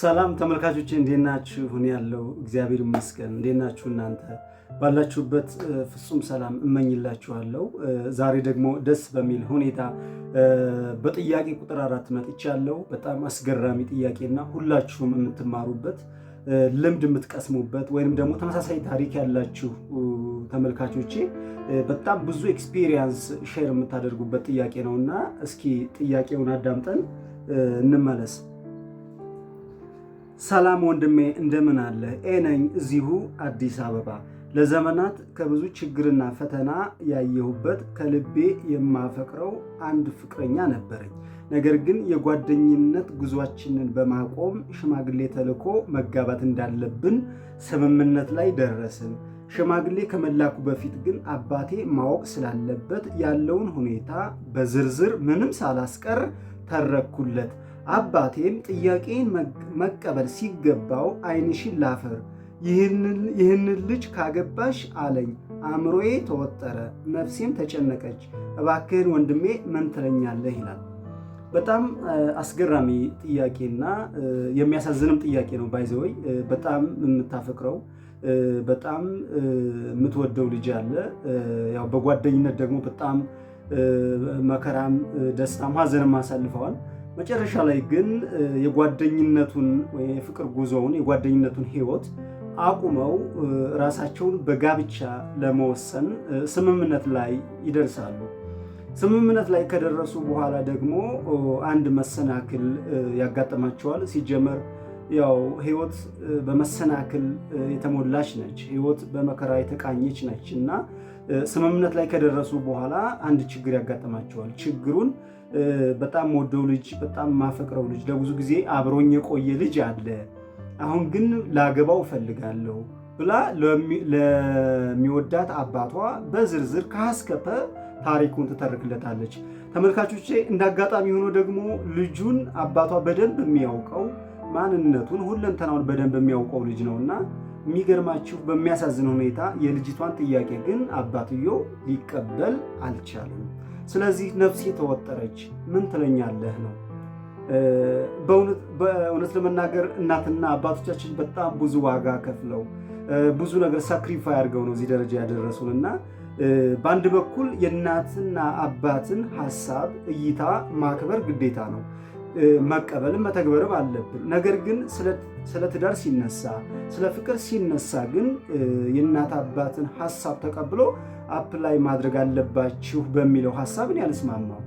ሰላም ተመልካቾች እንዴት ናችሁ? እኔ ያለው እግዚአብሔር ይመስገን። እንዴት ናችሁ እናንተ? ባላችሁበት ፍጹም ሰላም እመኝላችኋለሁ። ዛሬ ደግሞ ደስ በሚል ሁኔታ በጥያቄ ቁጥር አራት መጥቻለሁ። በጣም አስገራሚ ጥያቄና ሁላችሁም የምትማሩበት ልምድ የምትቀስሙበት ወይንም ደግሞ ተመሳሳይ ታሪክ ያላችሁ ተመልካቾቼ በጣም ብዙ ኤክስፒሪየንስ ሼር የምታደርጉበት ጥያቄ ነውና እስኪ ጥያቄውን አዳምጠን እንመለስ። ሰላም ወንድሜ እንደምን አለ? ኤነኝ እዚሁ አዲስ አበባ። ለዘመናት ከብዙ ችግርና ፈተና ያየሁበት ከልቤ የማፈቅረው አንድ ፍቅረኛ ነበረኝ። ነገር ግን የጓደኝነት ጉዟችንን በማቆም ሽማግሌ ተልኮ መጋባት እንዳለብን ስምምነት ላይ ደረስን። ሽማግሌ ከመላኩ በፊት ግን አባቴ ማወቅ ስላለበት ያለውን ሁኔታ በዝርዝር ምንም ሳላስቀር ተረኩለት። አባቴም ጥያቄን መቀበል ሲገባው ዓይንሽን ላፈር ይህንን ልጅ ካገባሽ አለኝ። አእምሮዬ ተወጠረ፣ ነፍሴም ተጨነቀች። እባክህን ወንድሜ ምን ትለኛለህ? ይላል። በጣም አስገራሚ ጥያቄና የሚያሳዝንም ጥያቄ ነው። ባይዘወይ በጣም የምታፈቅረው በጣም የምትወደው ልጅ አለ። ያው በጓደኝነት ደግሞ በጣም መከራም ደስታም ሀዘንም አሳልፈዋል። መጨረሻ ላይ ግን የጓደኝነቱን ወይ የፍቅር ጉዞውን የጓደኝነቱን ህይወት አቁመው ራሳቸውን በጋብቻ ለመወሰን ስምምነት ላይ ይደርሳሉ። ስምምነት ላይ ከደረሱ በኋላ ደግሞ አንድ መሰናክል ያጋጥማቸዋል። ሲጀመር ያው ህይወት በመሰናክል የተሞላች ነች። ህይወት በመከራ የተቃኘች ነች እና ስምምነት ላይ ከደረሱ በኋላ አንድ ችግር ያጋጥማቸዋል። ችግሩን በጣም ወደው ልጅ በጣም ማፈቅረው ልጅ ለብዙ ጊዜ አብሮኝ የቆየ ልጅ አለ። አሁን ግን ላገባው እፈልጋለሁ ብላ ለሚወዳት አባቷ በዝርዝር ካስከፈ ታሪኩን ትተርክለታለች። ተመልካቾቼ እንዳጋጣሚ ሆኖ ደግሞ ልጁን አባቷ በደንብ የሚያውቀው ማንነቱን ሁለንተናውን በደንብ የሚያውቀው ልጅ እና የሚገርማችሁ በሚያሳዝን ሁኔታ የልጅቷን ጥያቄ ግን አባትዮ ሊቀበል አልቻለም። ስለዚህ ነፍሴ ተወጠረች ምን ትለኛለህ ነው። በእውነት ለመናገር እናትና አባቶቻችን በጣም ብዙ ዋጋ ከፍለው ብዙ ነገር ሳክሪፋይ አድርገው ነው እዚህ ደረጃ ያደረሱን እና በአንድ በኩል የእናትና አባትን ሀሳብ እይታ ማክበር ግዴታ ነው። መቀበልም መተግበርም አለብን። ነገር ግን ስለ ትዳር ሲነሳ ስለ ፍቅር ሲነሳ ግን የእናት አባትን ሀሳብ ተቀብሎ አፕላይ ማድረግ አለባችሁ በሚለው ሀሳብን ያልስማማው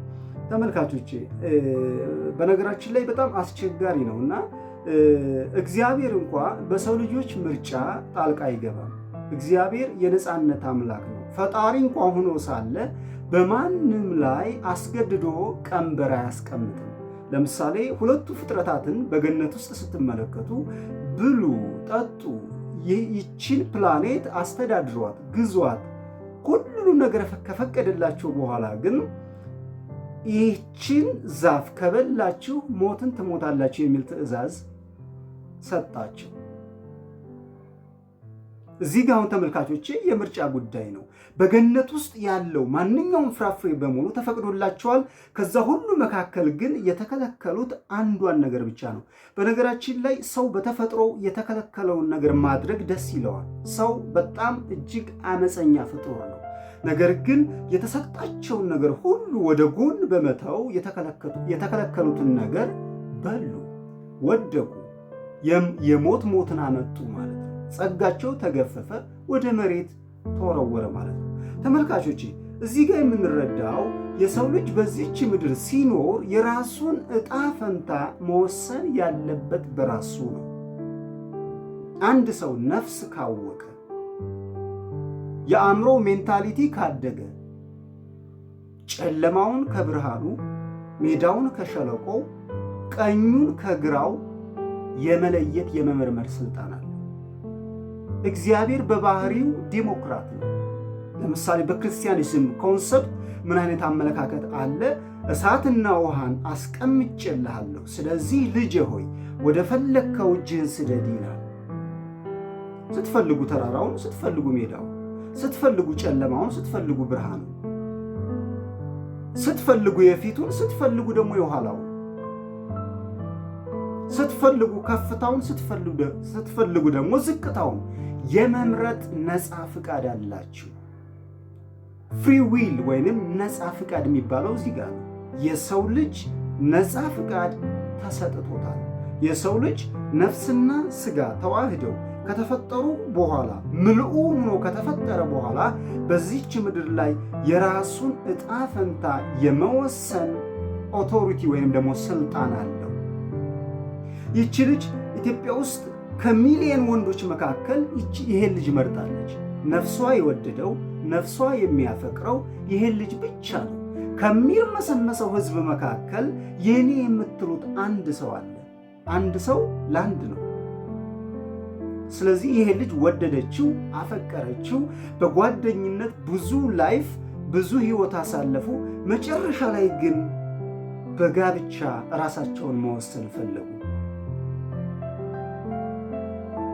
ተመልካቾቼ፣ በነገራችን ላይ በጣም አስቸጋሪ ነው እና እግዚአብሔር እንኳ በሰው ልጆች ምርጫ ጣልቃ አይገባም። እግዚአብሔር የነፃነት አምላክ ነው። ፈጣሪ እንኳ ሆኖ ሳለ በማንም ላይ አስገድዶ ቀንበር አያስቀምጥም። ለምሳሌ ሁለቱ ፍጥረታትን በገነት ውስጥ ስትመለከቱ ብሉ፣ ጠጡ፣ ይችን ፕላኔት አስተዳድሯት፣ ግዟት ሁሉ ነገር ከፈቀደላቸው በኋላ ግን ይህችን ዛፍ ከበላችሁ ሞትን ትሞታላችሁ የሚል ትዕዛዝ ሰጣቸው። እዚህ ተመልካቾች አሁን ተመልካቾቼ የምርጫ ጉዳይ ነው። በገነት ውስጥ ያለው ማንኛውም ፍራፍሬ በሙሉ ተፈቅዶላቸዋል። ከዛ ሁሉ መካከል ግን የተከለከሉት አንዷን ነገር ብቻ ነው። በነገራችን ላይ ሰው በተፈጥሮ የተከለከለውን ነገር ማድረግ ደስ ይለዋል። ሰው በጣም እጅግ አመፀኛ ፍጡር ነው። ነገር ግን የተሰጣቸውን ነገር ሁሉ ወደ ጎን በመተው የተከለከሉትን ነገር በሉ፣ ወደቁ፣ የሞት ሞትን አመጡ ማለት ነው። ጸጋቸው ተገፈፈ፣ ወደ መሬት ተወረወረ ማለት ነው። ተመልካቾች እዚህ ጋር የምንረዳው የሰው ልጅ በዚች ምድር ሲኖር የራሱን እጣ ፈንታ መወሰን ያለበት በራሱ ነው። አንድ ሰው ነፍስ ካወቀ የአእምሮ ሜንታሊቲ ካደገ ጨለማውን ከብርሃኑ፣ ሜዳውን ከሸለቆ ቀኙን ከግራው የመለየት የመመርመር ስልጣን አለ። እግዚአብሔር በባህሪው ዲሞክራት ነው። ለምሳሌ በክርስቲያኒዝም ኮንሰፕት ምን አይነት አመለካከት አለ? እሳትና ውሃን አስቀምጬልሃለሁ፣ ስለዚህ ልጄ ሆይ ወደ ፈለግከው እጅህን ስደድ ይላል። ስትፈልጉ ተራራውን፣ ስትፈልጉ ሜዳውን፣ ስትፈልጉ ጨለማውን፣ ስትፈልጉ ብርሃን፣ ስትፈልጉ የፊቱን፣ ስትፈልጉ ደግሞ የኋላውን፣ ስትፈልጉ ከፍታውን፣ ስትፈልጉ ደግሞ ዝቅታውን የመምረጥ ነፃ ፍቃድ አላችሁ። ፍሪ ዊል ወይንም ነፃ ፍቃድ የሚባለው እዚህ ጋር የሰው ልጅ ነፃ ፍቃድ ተሰጥቶታል። የሰው ልጅ ነፍስና ስጋ ተዋህደው ከተፈጠሩ በኋላ ምልኡ ሆኖ ከተፈጠረ በኋላ በዚች ምድር ላይ የራሱን እጣ ፈንታ የመወሰን ኦቶሪቲ ወይንም ደግሞ ስልጣን አለው። ይቺ ልጅ ኢትዮጵያ ውስጥ ከሚሊየን ወንዶች መካከል ይቺ ይሄን ልጅ መርጣለች። ነፍሷ የወደደው ነፍሷ የሚያፈቅረው ይሄን ልጅ ብቻ ነው። ከሚርመሰመሰው ሕዝብ መካከል የኔ የምትሉት አንድ ሰው አለ። አንድ ሰው ለአንድ ነው። ስለዚህ ይሄ ልጅ ወደደችው፣ አፈቀረችው። በጓደኝነት ብዙ ላይፍ ብዙ ህይወት አሳለፉ። መጨረሻ ላይ ግን በጋብቻ ራሳቸውን መወሰን ፈለጉ።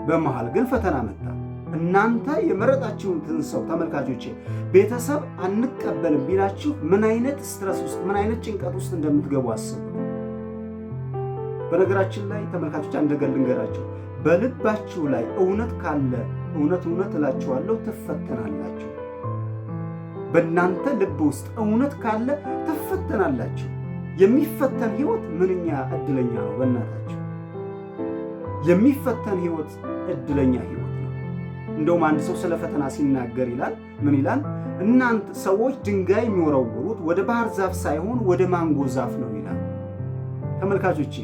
በመሃል ግን ፈተና መጣ። እናንተ የመረጣችሁትን ሰው ተመልካቾቼ፣ ቤተሰብ አንቀበልም ቢላችሁ ምን አይነት ስትረስ ውስጥ ምን አይነት ጭንቀት ውስጥ እንደምትገቡ አስቡ። በነገራችን ላይ ተመልካቾች አንድ ነገር ልንገራችሁ፣ በልባችሁ ላይ እውነት ካለ እውነት እውነት እላችኋለሁ ትፈተናላችሁ። በእናንተ ልብ ውስጥ እውነት ካለ ትፈተናላችሁ። የሚፈተን ህይወት ምንኛ እድለኛ ነው በእናታችሁ የሚፈተን ህይወት እድለኛ ህይወት ነው። እንደውም አንድ ሰው ስለ ፈተና ሲናገር ይላል ምን ይላል? እናንተ ሰዎች ድንጋይ የሚወረውሩት ወደ ባህር ዛፍ ሳይሆን ወደ ማንጎ ዛፍ ነው ይላል። ተመልካቾች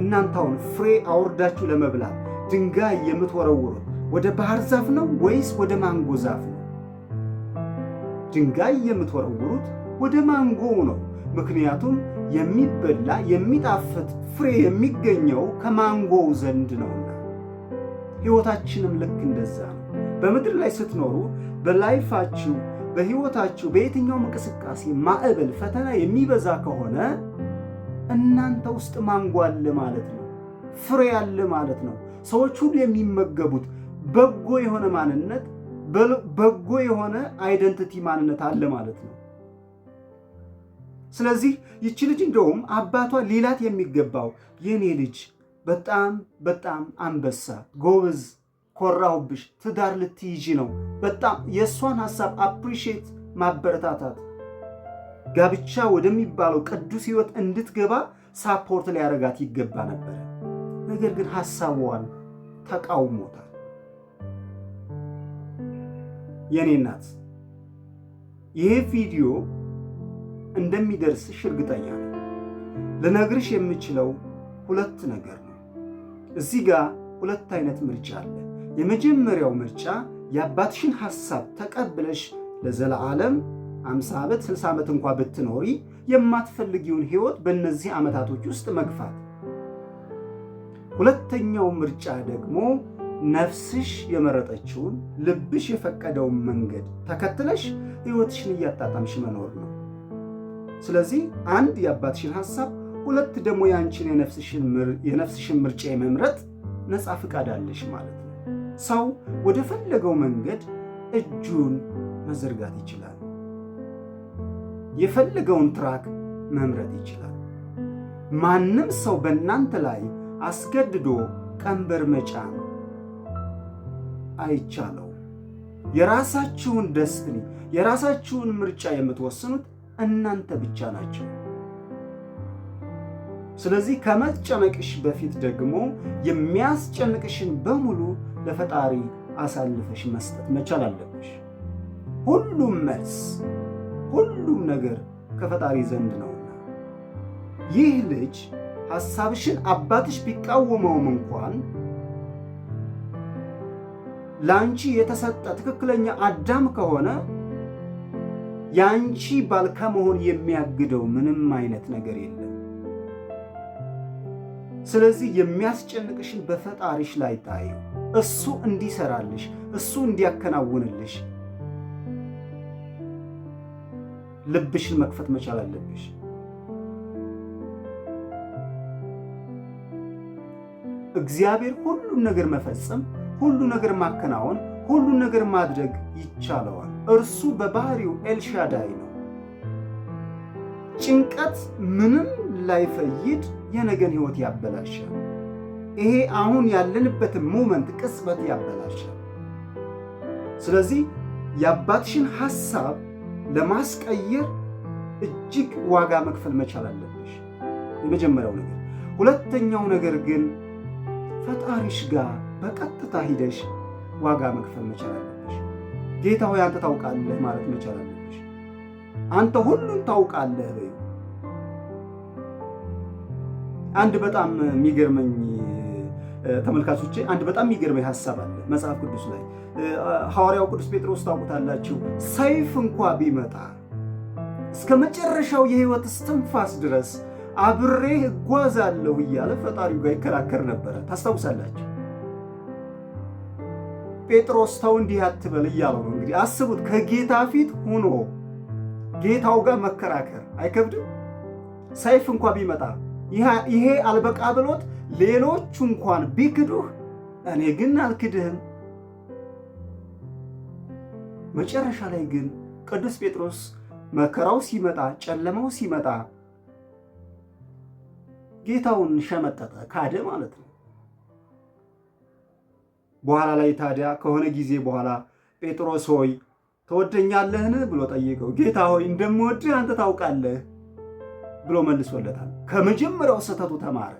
እናንተ አሁን ፍሬ አውርዳችሁ ለመብላት ድንጋይ የምትወረውሩት ወደ ባህር ዛፍ ነው ወይስ ወደ ማንጎ ዛፍ ነው? ድንጋይ የምትወረውሩት ወደ ማንጎ ነው። ምክንያቱም የሚበላ የሚጣፍጥ ፍሬ የሚገኘው ከማንጎው ዘንድ ነውና ሕይወታችንም ልክ እንደዛ ነው። በምድር ላይ ስትኖሩ በላይፋችሁ በሕይወታችሁ በየትኛውም እንቅስቃሴ ማዕበል፣ ፈተና የሚበዛ ከሆነ እናንተ ውስጥ ማንጎ አለ ማለት ነው። ፍሬ አለ ማለት ነው። ሰዎች ሁሉ የሚመገቡት በጎ የሆነ ማንነት፣ በጎ የሆነ አይደንቲቲ ማንነት አለ ማለት ነው። ስለዚህ ይቺ ልጅ እንደውም አባቷ ሌላት የሚገባው የኔ ልጅ በጣም በጣም አንበሳ ጎበዝ፣ ኮራሁብሽ፣ ትዳር ልትይዢ ነው። በጣም የእሷን ሀሳብ አፕሪሼት ማበረታታት፣ ጋብቻ ወደሚባለው ቅዱስ ህይወት እንድትገባ ሳፖርት ሊያረጋት ይገባ ነበር ነገር ግን ሀሳቧን ተቃውሞታል። የኔ እናት ይሄ ቪዲዮ እንደሚደርስሽ እርግጠኛ ነው። ልነግርሽ የምችለው ሁለት ነገር ነው። እዚህ ጋር ሁለት አይነት ምርጫ አለ። የመጀመሪያው ምርጫ የአባትሽን ሐሳብ ተቀብለሽ ለዘለዓለም 50 ዓመት 60 ዓመት እንኳ ብትኖሪ የማትፈልጊውን ሕይወት በእነዚህ ዓመታቶች ውስጥ መግፋት። ሁለተኛው ምርጫ ደግሞ ነፍስሽ የመረጠችውን ልብሽ የፈቀደውን መንገድ ተከትለሽ ሕይወትሽን እያጣጣምሽ መኖር ነው። ስለዚህ አንድ የአባትሽን ሐሳብ፣ ሁለት ደግሞ የአንቺን የነፍስሽን ምርጫ የመምረጥ ነፃ ፍቃድ አለሽ ማለት ነው። ሰው ወደ ፈለገው መንገድ እጁን መዘርጋት ይችላል። የፈለገውን ትራክ መምረጥ ይችላል። ማንም ሰው በእናንተ ላይ አስገድዶ ቀንበር መጫን አይቻለው። የራሳችሁን ደስትኒ የራሳችሁን ምርጫ የምትወስኑት እናንተ ብቻ ናቸው። ስለዚህ ከመጨነቅሽ በፊት ደግሞ የሚያስጨንቅሽን በሙሉ ለፈጣሪ አሳልፈሽ መስጠት መቻል አለብሽ። ሁሉም መልስ፣ ሁሉም ነገር ከፈጣሪ ዘንድ ነውና ይህ ልጅ ሐሳብሽን አባትሽ ቢቃወመውም እንኳን ለአንቺ የተሰጠ ትክክለኛ አዳም ከሆነ ያንቺ ባል ከመሆን የሚያግደው ምንም አይነት ነገር የለም። ስለዚህ የሚያስጨንቅሽን በፈጣሪሽ ላይ ታይ እሱ እንዲሰራልሽ፣ እሱ እንዲያከናውንልሽ ልብሽን መክፈት መቻል አለብሽ። እግዚአብሔር ሁሉን ነገር መፈጸም፣ ሁሉ ነገር ማከናወን፣ ሁሉን ነገር ማድረግ ይቻለዋል። እርሱ በባህሪው ኤልሻዳይ ነው። ጭንቀት ምንም ላይፈይድ የነገን ህይወት ያበላሻል። ይሄ አሁን ያለንበትን ሞመንት ቅጽበት ያበላሻል። ስለዚህ የአባትሽን ሐሳብ ለማስቀየር እጅግ ዋጋ መክፈል መቻል አለብሽ። የመጀመሪያው ነገር። ሁለተኛው ነገር ግን ፈጣሪሽ ጋር በቀጥታ ሂደሽ ዋጋ መክፈል መቻል አለብሽ። ጌታ ሆይ አንተ ታውቃለህ ማለት መቻል አለብሽ። አንተ ሁሉን ታውቃለህ በይ። አንድ በጣም የሚገርመኝ ተመልካቾቼ፣ አንድ በጣም የሚገርመኝ ሀሳብ አለ መጽሐፍ ቅዱስ ላይ ሐዋርያው ቅዱስ ጴጥሮስ ታውቁታላችሁ። ሰይፍ እንኳ ቢመጣ እስከ መጨረሻው የህይወት እስትንፋስ ድረስ አብሬ እጓዛለሁ እያለ ፈጣሪው ጋር ይከራከር ነበረ። ታስታውሳላችሁ? ጴጥሮስ ተው እንዲህ አትበል እያሉ ነው። እንግዲህ አስቡት፣ ከጌታ ፊት ሆኖ ጌታው ጋር መከራከር አይከብድም? ሰይፍ እንኳ ቢመጣ ይሄ አልበቃ ብሎት ሌሎቹ እንኳን ቢክዱህ እኔ ግን አልክድህም። መጨረሻ ላይ ግን ቅዱስ ጴጥሮስ መከራው ሲመጣ ጨለማው ሲመጣ ጌታውን ሸመጠጠ፣ ካደ ማለት ነው። በኋላ ላይ ታዲያ ከሆነ ጊዜ በኋላ ጴጥሮስ ሆይ ተወደኛለህን ብሎ ጠይቀው፣ ጌታ ሆይ እንደምወድህ አንተ ታውቃለህ ብሎ መልሶለታል። ከመጀመሪያው ስህተቱ ተማረ።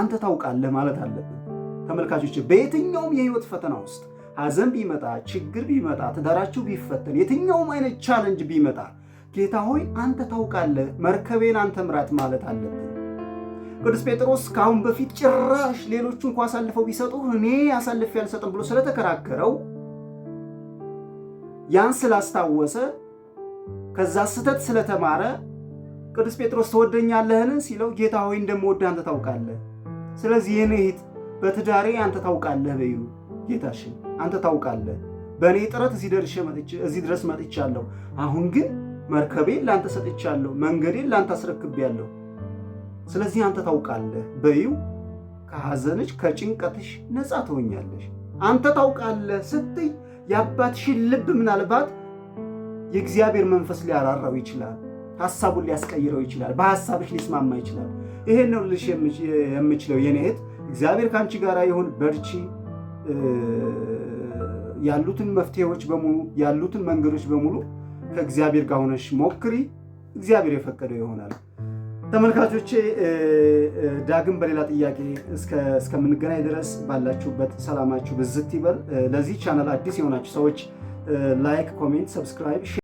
አንተ ታውቃለህ ማለት አለብን። ተመልካቾች፣ በየትኛውም የህይወት ፈተና ውስጥ ሐዘን ቢመጣ፣ ችግር ቢመጣ፣ ትዳራችሁ ቢፈተን፣ የትኛውም አይነት ቻለንጅ ቢመጣ ጌታ ሆይ አንተ ታውቃለህ፣ መርከቤን አንተ ምራት ማለት አለብን። ቅዱስ ጴጥሮስ ከአሁን በፊት ጭራሽ ሌሎቹ እንኳ አሳልፈው ቢሰጡ እኔ አሳልፌ አልሰጥም ብሎ ስለተከራከረው ያን ስላስታወሰ ከዛ ስህተት ስለተማረ ቅዱስ ጴጥሮስ ትወደኛለህን? ሲለው ጌታ ሆይ እንደምወድህ አንተ ታውቃለህ፣ ስለዚህ ይህን እህት በትዳሬ አንተ ታውቃለህ በይሉ ጌታሽን አንተ ታውቃለህ፣ በእኔ ጥረት እዚህ ድረስ መጥቻለሁ። አሁን ግን መርከቤን ለአንተ ሰጥቻለሁ፣ መንገዴን ለአንተ አስረክቤያለሁ ስለዚህ አንተ ታውቃለህ በይው፣ ከሐዘንሽ ከጭንቀትሽ ነፃ ትሆኛለሽ። አንተ ታውቃለህ ስትይ የአባትሽን ልብ ምናልባት የእግዚአብሔር መንፈስ ሊያራራው ይችላል፣ ሐሳቡን ሊያስቀይረው ይችላል፣ በሐሳብሽ ሊስማማ ይችላል። ይሄን ነው ልልሽ የምችለው የኔ እህት። እግዚአብሔር ከአንቺ ጋር ይሁን። በርቺ። ያሉትን መፍትሄዎች በሙሉ ያሉትን መንገዶች በሙሉ ከእግዚአብሔር ጋር ሆነሽ ሞክሪ። እግዚአብሔር የፈቀደው ይሆናል። ተመልካቾቼ ዳግም በሌላ ጥያቄ እስከምንገናኝ ድረስ ባላችሁበት ሰላማችሁ ብዝት ይበል። ለዚህ ቻናል አዲስ የሆናችሁ ሰዎች ላይክ፣ ኮሜንት፣ ሰብስክራይብ